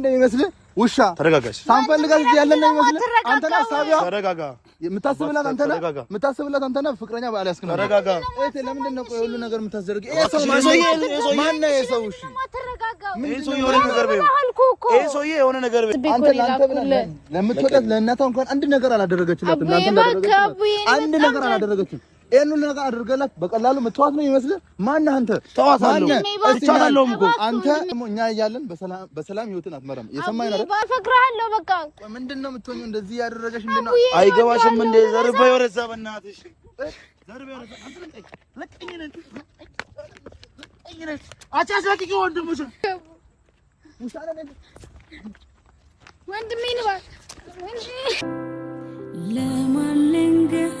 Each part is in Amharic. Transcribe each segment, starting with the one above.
እንደሚመስል ውሻ ተረጋጋሽ። ሳንፈልጋት እዚህ ያለን ነው የሚመስል አንተ ነህ አሳቢዋ። ተረጋጋ። የምታስብላት አንተ ነህ፣ የምታስብላት አንተ ነህ። ፍቅረኛ ባልያዝክ ነው። ተረጋጋ። እህቴ ለምንድን ነው ቆይ ሁሉ ነገር የምታስደርገው? ይሄ ሰው ማን ነው? ይሄ ሰው እሺ፣ ይሄ ሰው የሆነ ነገር በይው፣ ይሄ ሰው የሆነ ነገር በይው። አንተ ለአንተ ብለህ ለምትወዳት ለእናቷ እንኳን አንድ ነገር አላደረገችላትም። አንድ ነገር አላደረገችም። ይሄን ሁሉ ነገር አድርገላት በቀላሉ ምትዋት ነው ይመስልህ? ማነህ አንተ? ተዋሳለሁ እኮ አንተ እኛ እያለን በሰላም በሰላም ህይወትን አትመራም። የሰማኸኝ አይደል? አፈቅርሃለሁ። በቃ ምንድን ነው የምትሆኚው? እንደዚህ ያደረገሽ ምንድን ነው? አይገባሽም እንዴ? ዘርባ ይወረሳ በእናትሽ ዘር ዘርባ ይወረሳ። ለቀኝ ነህ ለቀኝ ነህ። አቻሳቂ ወንድምሽ ወንድሜ ነው ወንድሜ ለማለንገህ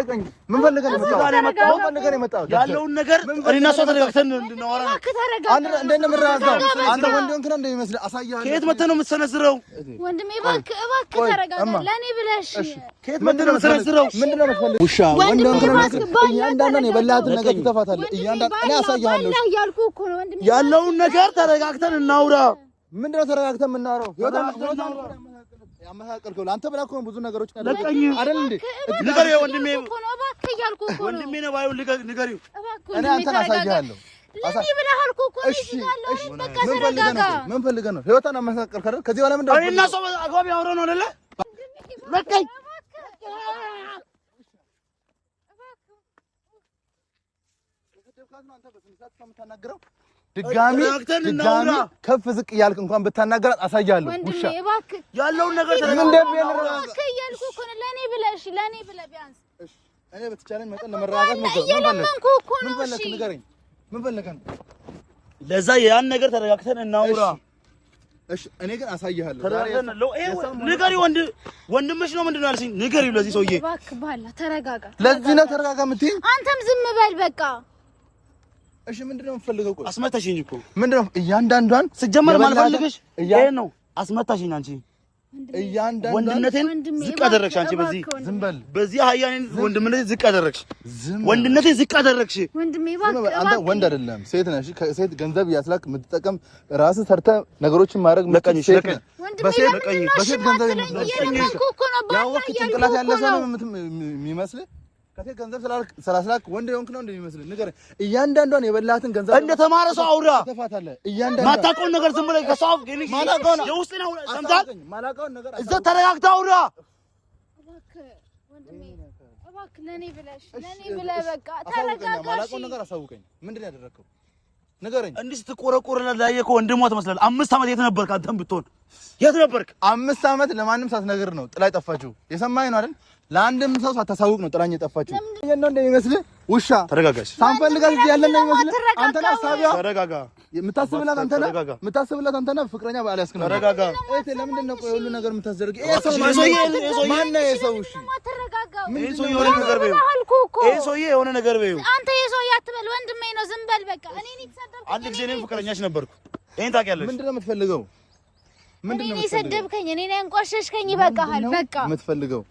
እንዳይቀኝ ምን ፈልገህ ነው የመጣኸው? ምን ፈልገህ ነው የመጣኸው? ያለውን ነገር እኔና እሷ ተደጋግተን እንድናወራ አንተ ወንድ ሆንክ እንደሚመስልህ አሳያለሁ። ከየት መተህ ነው የምትሰነዝረው? ወንድሜ እባክህ እባክህ ተረጋጋ። ለእኔ ብለሽ ከየት መተህ ነው የምትሰነዝረው? ምንድን ነው የምትፈልገው? ውሻ ወንድ ሆንክ ነው እያንዳንዷን የበላሃትን ነገር ትተፋታለህ። እያንዳንዷን እኔ አሳያለሁ ያልኩህ እኮ ነው። ያለውን ነገር ተረጋግተን እናውራ። ምንድን ነው ተረጋግተን የምናወራው? ያመሳቀልከው ለአንተ ብላ ብዙ ነገሮች ነው ወንድሜ ነው ባይሆን ንገሪው። ምን ፈልገህ ነው ህይወቷን አመሳቀልክ አይደል? ከዚህ በኋላ ምንድን እና ሰው አግባብ ያወራው ነው አይደለ? ለቀኝ እባክህ ድጋሚ ድጋሚ ከፍ ዝቅ እያልክ እንኳን ብታናገራት አሳያለሁ። ውሻ ያለውን ነገር እኔ በተቻለኝ መጠን ለመረጋጋት ምን ፈለክ ነው? ለዛ ያን ነገር ተረጋግተን እናውራ። እሺ እኔ ግን አሳይሃለሁ። ወንድ ወንድምሽ ነው ምንድን ነው ያልሽኝ? ንገሪው ለዚህ ሰውዬ። እባክህ ባላ ተረጋጋ። ለዚህ ነው ተረጋጋ የምትይኝ? አንተም ዝም በል በቃ እሺ ምንድነው የምፈልገው? ቆይ አስመታሽኝ እኮ ምንድነው? እያንዳንዷን ስጀመር ማልፈልግሽ ይሄን ነው። አስመታሽኝ አንቺ ወንድነቴን ዝቅ አደረግሽ። አንቺ በዚህ ዝም በል በዚህ አህያኔን ወንድምነቴን ዝቅ አደረግሽ፣ ወንድነቴን ዝቅ አደረግሽ። አንተ ወንድ አይደለም ሴት ነሽ። ከሴት ገንዘብ ያስላክ የምትጠቀም ራስህ ሰርተህ ነገሮችን ማድረግ ምቀኝሽ ሴት ነህ። በሴት ገንዘብ ያወቅህ ጭንቅላት ያለ ሰው ነው የሚመስልህ ከሴት ገንዘብ ስላስላክ ወንድ የሆንክ ነው እንደሚመስል ነገር እያንዳንዷን የበላትን ገንዘብ እንደ ተማረ ሰው አውራ ተፋታለ። እያንዳንዷ ማታውቀውን ነገር ዝም ብለህ ከሰው የውስጥ ነው ሰምታል። ማላውቀውን ነገር እዛ ተረጋግተህ አውራ። ብለሽ በቃ ተረጋጋሽ። ነገር አሳውቀኝ። ምንድን አምስት አንተም ብትሆን የት ነበርክ? አምስት ዓመት ለማንም ሳትነግር ነው ጥላ ጠፋችሁ። የሰማኸኝ ነው አይደል? ለአንድም ሰው ሳታሳውቅ ነው ጥራኝ የጠፋችው። ይሄን ነው እንደሚመስልህ? ውሻ ተረጋጋሽ። ሳንፈልጋት እዚህ ያለ ነው የሚመስልህ? አንተ ነህ ሳቢያ። ተረጋጋ። የምታስብላት አንተ ነህ፣ የምታስብላት አንተ ነህ። ፍቅረኛ ባልያዝክ ነው። ተረጋጋ። እህቴ፣ ለምንድን ነው ቆይ ሁሉ ነገር የምታስደርገው? ይሄ ሰው ማን ነው? ይሄ ሰው እሺ፣ ይሄ ሰው የሆነ ነገር በይው። ይሄ ሰው የሆነ ነገር በይው። አንተ ይሄ ሰው አትበል፣ ወንድሜ ነው። ዝም በል በቃ። እኔ ነኝ ተሰደብኩ። አንድ ጊዜ እኔም ፍቅረኛሽ ነበርኩ። ይሄን ታውቂያለሽ። ምንድን ነው የምትፈልገው? ምንድን ነው የሰደብከኝ? እኔ ነኝ ያንቋሸሽከኝ። ይበቃሃል። በቃ የምትፈልገው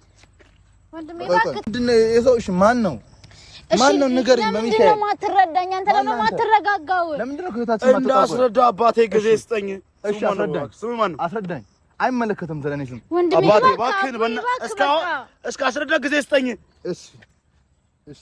ማን ነው ማን ነው ንገሪኝ። ለምንድን የማትረዳኝ? አንተ ለምን የማትረጋጋው? ለምንድን እንዳስረዳ አባቴ ጊዜ ስጠኝ። እሺ አስረዳኝ፣ አስረዳኝ። አይመለከትም ስለኔ ስም አባቴ፣ እባክህን እስከ አስረዳ ጊዜ ስጠኝ። እሺ እሺ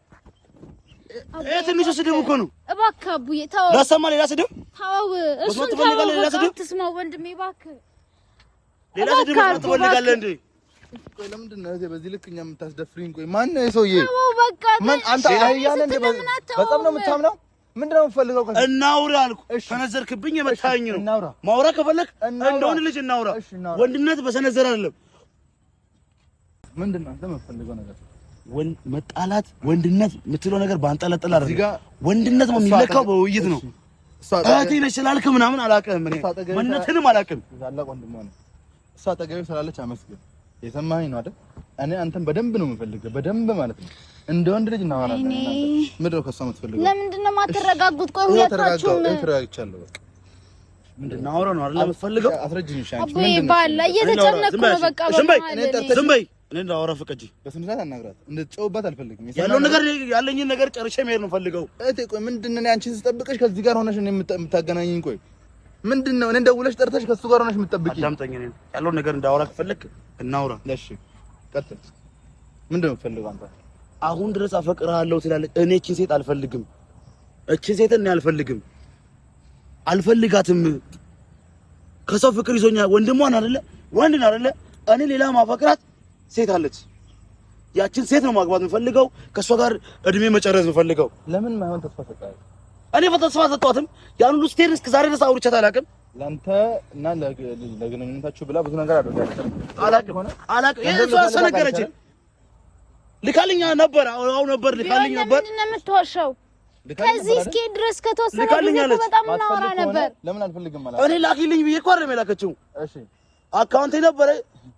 ትንሹ ስድብ እኮ ነው። እባክህ አቡዬ ተው፣ ላሰማ ሌላ ስድብ ተው። እሱን ተው፣ ሌላ ትስማው ወንድሜ፣ እባክህ ሌላ ስድብ ትፈልጋለህ እንዴ? ቆይ ለምንድን ነው በዚህ ልክ እኛ የምታስደፍሪኝ? ቆይ ማን ነው ሰውዬ? ምን አንተ አህያ በጣም ነው የምታምነው። ምንድን ነው የምፈልገው? እናውራ አልኩ። ከነዘርክብኝ የመታኝ ነው። ማውራ ከፈለክ እንደሆነ ልጅ እናውራ። ወንድነት በሰነዘር አይደለም። ምንድን ነው አንተ ነገር መጣላት ወንድነት የምትለው ነገር ባንጠለጠል አይደል? ወንድነት ነው የሚለካው በውይይት ነው። እህቴ ነች ስላልክ ምናምን አላውቅም፣ ማንነትንም አላውቅም። እሷ አጠገቤ ስላለች አመስግን። የሰማኸኝ ነው አይደል? እኔ አንተን በደንብ ነው የምፈልገው፣ በደንብ ማለት ነው። እንደ ወንድ ልጅ እናወራለን። ምንድን ነው ከእሷ የምትፈልገው? ለምንድን ነው የማትረጋጉት? ቆይ ሁለታችሁም ተረጋግቻለሁ በቃ ምንድን ነው አውራ ነው አይደል? የምትፈልገው አስረጅኝ። እሺ አንቺ ምንድን ነው? አቦዬ ባላ እየተጨነኩ ነው። በቃ ዝም ዝም በይ እኔ እንዳወራ ፍቀጂ፣ በስነ ስርዓት አናግራት። እንድትጨውባት አልፈልግም። ያለው ነገር ያለኝን ነገር ጨርሼ መሄድ ነው ፈልገው። እህቴ ቆይ ምንድን ነው አንቺን ስጠብቅሽ ከዚህ ጋር ሆነሽ እኔ የምታገናኘኝ? ቆይ ምንድን ነው እኔን ደውለሽ ጠርተሽ ከሱ ጋር ሆነሽ የምትጠብቂ? አዳምጠኝ። እኔ ያለው ነገር እንዳወራ ከፈለክ እናውራ። እሺ ቀጥል። ምንድን ነው የምትፈልገው አንተ? አሁን ድረስ አፈቅርሃለሁ ትላለች። እኔ እቺን ሴት አልፈልግም። እቺን ሴት እኔ አልፈልግም፣ አልፈልጋትም። ከሰው ፍቅር ይዞኛል። ወንድሟን አይደለ ወንድን አይደለ እኔ ሌላ ማፈቅራት ሴት አለች። ያችን ሴት ነው ማግባት የምፈልገው፣ ከእሷ ጋር እድሜ መጨረስ የምፈልገው። ለምን ማይሆን ተስፋ ሰጣት? እኔ ተስፋ ሰጣትም። ያን ሁሉ ስቴር እስከ ዛሬ ድረስ አውርቻት አላውቅም። ለአንተ እና ለግንኙነታችሁ ብላ ብዙ ነገር አድርጋለች። አላውቅም አላውቅም። ይሄ እሷ ሰነገረችኝ። ልካልኛ ነበር አው ነበር ልካልኝ ነበር። ለምን ነው ከዚህ እስኪ ድረስ ከተወሰነ ጊዜ በጣም እናወራ ነበር። ለምን አልፈልግም ማለት እኔ ላኪልኝ ብዬ እኮ አይደለም የላከችው። እሺ አካውንቴ ነበረ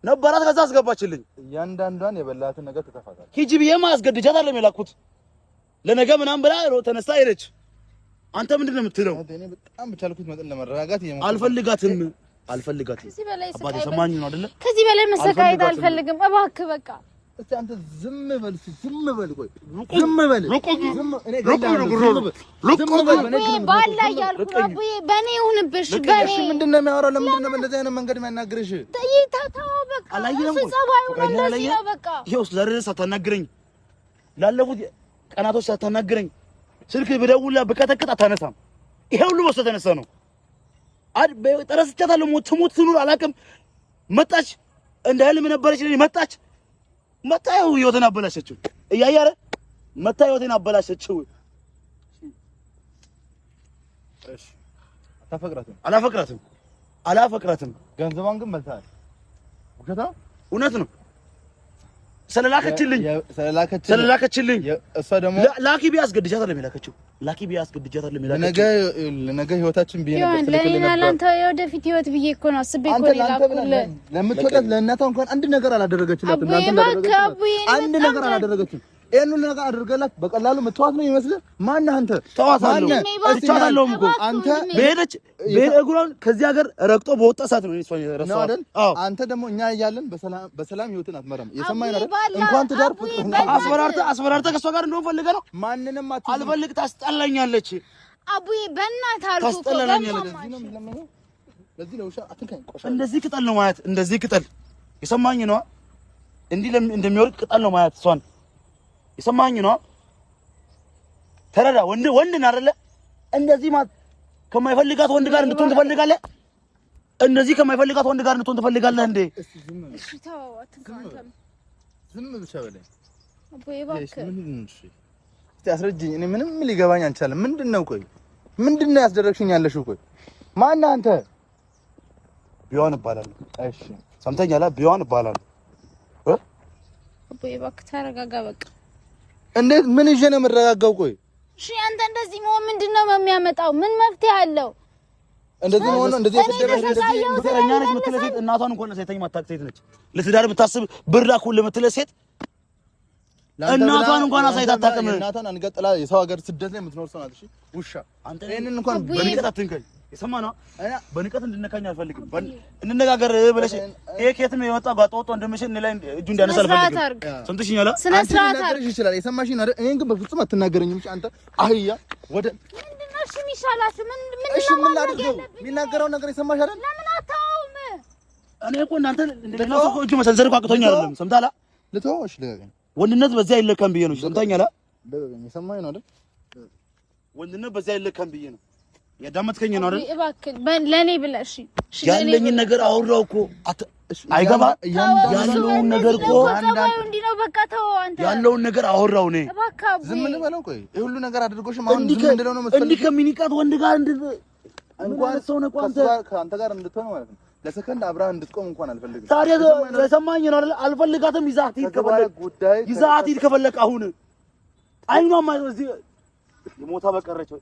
ነበራት። ከዛ አስገባችልኝ። እያንዳንዷን የበላትን ነገር ትተፋታል። ሂጂ ብዬማ አለም የላኩት ለነገ ምናምን ብላ ተነሳ ሄደች። አንተ ምንድን ነው የምትለው? እኔ በጣም ብቻልኩት መጠን ለመረጋጋት አልፈልጋትም አልፈልጋትም። አባቴ ሰማኝ ነው አይደለ? ከዚህ በላይ መሰቃየት አልፈልግም። እባክህ በቃ እስቲ አንተ ዝም በል ዝም በል ቆይ ዝም በል ባላ እያልኩ አቡዬ በእኔ ይሁንብሽ በእኔ ምንድን ነው የሚያወራው ለምንድን ነው በእንደዚህ አይነት መንገድ የሚያናግርሽ ይኸው ለርዕስ አታናግረኝ ስልክ ብደውላ ብቀጠቅጥ አታነሳም ይሄ ሁሉ በእሱ የተነሳ ነው ጠረስቻታለሁ ትሙት ትኑር አላውቅም መጣች እንደ ህልም ነበረች መጣች መታ ያው ህይወትን አበላሸችው። እያየህ ኧረ መታ ህይወትን አበላሸችው። እሺ አታፈቅራትም? አላፈቅራትም፣ አላፈቅራትም። ገንዘቧን ግን መልታል። ውሸት ነው፣ እውነት ነው። ስለላከችልኝ ስለላከችልኝ እሷ ደግሞ ላኪ ቢያ አስገድጃት የላከችው። ላኪ ቢያ አስገድጃት የላከችው። ነገ ህይወታችን ለኔና ላንተ የወደፊት ህይወት ብዬ እኮ ነው አስቤ እኮ ነው ለምትወጣት ለእናቷ እንኳን አንድ ነገር አላደረገችላትም። አንድ ነገር አላደረገችም። ይሄን ሁሉ ነገር አድርገላት በቀላሉ ምትዋት ነው ይመስልህ? ማን አንተ? ተዋሳለሁ እቻታለሁ እኮ አንተ በሄደች እግሯን ከዚህ ሀገር ረግጦ በወጣ ሰዓት ነው እሷን የረሳው አንተ ደግሞ እኛ እያለን በሰላም በሰላም ህይወትን አትመረም። የሰማኝ ነገር እንኳን ትዳር አስፈራርተህ አስፈራርተህ ከእሷ ጋር እንደሆነ ፈልገህ ነው። ማንንም አልፈልግ ታስጠላኛለች። አቡዬ በእናትህ አልኩህ እኮ ታስጠላኛለች። ለዚህ ነው እንደዚህ ቅጠል ነው ማለት እንደዚህ ቅጠል የሰማኝ ነው። እንዲህ እንደሚወርቅ ቅጠል ነው ማለት እሷን የሰማኝ ነው። ተረዳ። ወንድ ወንድ ነው አይደለ? እንደዚህ ማለት ከማይፈልጋት ወንድ ጋር እንድትሆን ትፈልጋለህ? እንደዚህ ከማይፈልጋት ወንድ ጋር እንድትሆን ትፈልጋለህ እንዴ? ዝም ብቻ በለኝ። አስረጅኝ። እኔ ምንም ሊገባኝ አልቻለም። ምንድን ነው ቆይ፣ ምንድን ነው ያስደረግሽኝ ያለሽው? ቆይ ማነህ አንተ? ቢሆን እባላለሁ። እሺ ሰምተኛል። ቢሆን እባላለሁ። እባክህ ተረጋጋ፣ በቃ እንዴት ምን ይዤ ነው የምረጋጋው? ቆይ እሺ፣ አንተ እንደዚህ መሆን ምንድን ነው የሚያመጣው? ምን መፍትሄ አለው? እንደዚህ መሆን እንደዚህ የፈደረሽ እንደዚህ ምትረኛ ነች የምትለ ሴት እናቷን እንኳን ሰይተኝ ማታውቅ ሴት ነች። ለትዳር ብታስብ ብር ላኩን ለምትለ ሴት እናቷን እንኳን አሳይታ አታውቅም። እናቷን አንገጥላ የሰው ሀገር ስደት ላይ የምትኖር ሰው ናት። እሺ ውሻ፣ አንተ ይሄንን እንኳን በንቀት አትንካኝ የሰማና በንቀት እንድነካኝ አልፈልግም። እንነጋገር ብለሽ ይሄ ከየት ነው የወጣ? ጋጠ እኔ ላይ እጁ እንዳነሳ አልፈልግም። ሰምተሽኛል? ስነ ስርዓት አድርግ ይችላል። የሰማሽኝ አይደል? እኔን ግን በፍጹም አትናገረኝም። እሺ አንተ አህያ ወደ እሺ ምን ምን የሚናገረው ነገር የሰማሽ አይደል? ለምን አታውም? እኔ እኮ እናንተ እንደገና እኮ እጁ መሰንዘር እኮ አቅቶኝ አይደለም። ሰምታላ ልተወሽ ልጋገኝ ወንድነት በዚህ አይለካም ብዬ ነው። ሰምታኛላ? የሰማኝ ነው አይደል? ወንድነት በዚህ አይለካም ብዬ ነው ያዳመጥከኝ ነው አይደል? እባክህ ለኔ ብለህ እሺ። ያለኝን ነገር አውራው እኮ አይገባ ያለውን ነገር እኮ ያለውን ነገር አወራው። እኔ ዝም ልበለው? ቆይ ሁሉ ነገር አድርጎሽ አሁን ዝም እንድለው ነው መሰለኝ። እንዲህ ከሚኒቃት ወንድ ጋር እንኳን ሰው ነው እንኳን ከአንተ ጋር እንድትሆን ማለት ነው ለሰከንድ አብራ እንድትቆም እንኳን አልፈልግም። ታዲያ ለሰማኝ ነው አይደል? አልፈልጋትም። ይዛት ሂድ ከፈለክ ይዛት ሂድ ከፈለክ አሁን አይኗ የሞታ በቀረች ወይ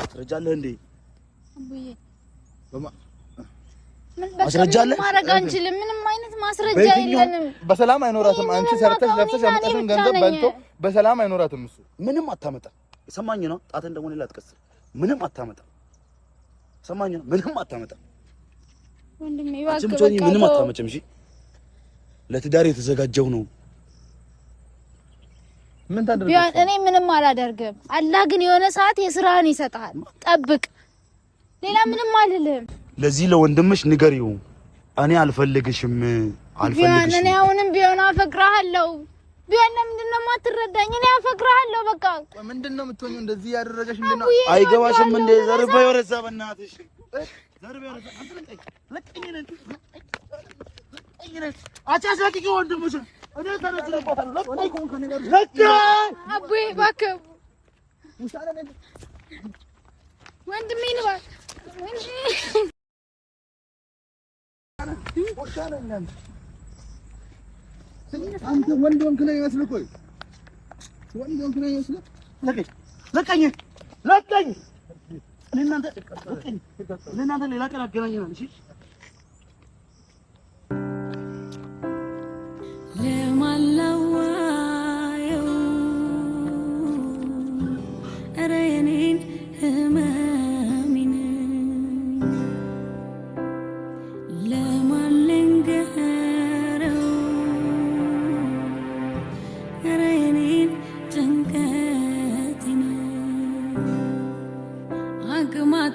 ማስረጃ እንዴ? አንችልም። ምንም አይነት ማስረጃ የለንም። በሰላም አይኖራትም። አንቺ ሰርተሽ ለፍተሽ ያመጣሽውን ገንዘብ በልቶ በሰላም አይኖራትም። እሱ ምንም አታመጣም። ሰማኝ ነው። ጣትን ደግሞ ሌላ አትቀስር። ምንም አታመጣም። ሰማኝ ነው። ምንም አታመጣም። ወንድሜ ምንም አታመጭም። እሺ ለትዳር የተዘጋጀው ነው ምን ታደርጋለህ? እኔ ምንም አላደርግም። አላህ ግን የሆነ ሰዓት የስራህን ይሰጣል። ጠብቅ። ሌላ ምንም አልልም። ለዚህ ለወንድምሽ ንገሪው። እኔ አልፈልግሽም፣ አልፈልግሽም። እኔ አሁንም ቢሆን አፈቅርሃለሁ። ቢሆን ለምንድን ነው የማትረዳኝ? እኔ አፈቅርሃለሁ። በቃ ምንድን ነው የምትሆኚው? እንደዚህ ያደረገሽ ምንድን ነው? አይገባሽም እንዴ? ዘርባ ወረዛ፣ በእናትሽ ዘርባ ወረዛ። ለቀኝ ነን፣ ለቀኝ ነን። አቻ አቻ ወንድምሽ ለቀኝ ለቀኝ ለእናንተ ሌላ ቀን አገናኘናል።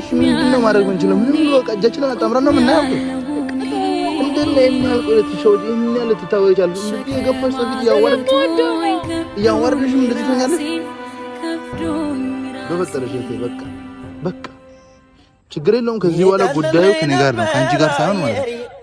እሺ ምንድን ነው ማድረግ እንችለው? ምን ብሎ በቃ እጃችንን አጣምረን ነው የምናየው። ሰው በቃ በቃ ችግር የለውም። ከዚህ በኋላ ጉዳዩ ከኔ ጋር ነው ከአንቺ ጋር ሳይሆን ማለት ነው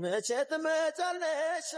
መቼ ትመጫለሽ?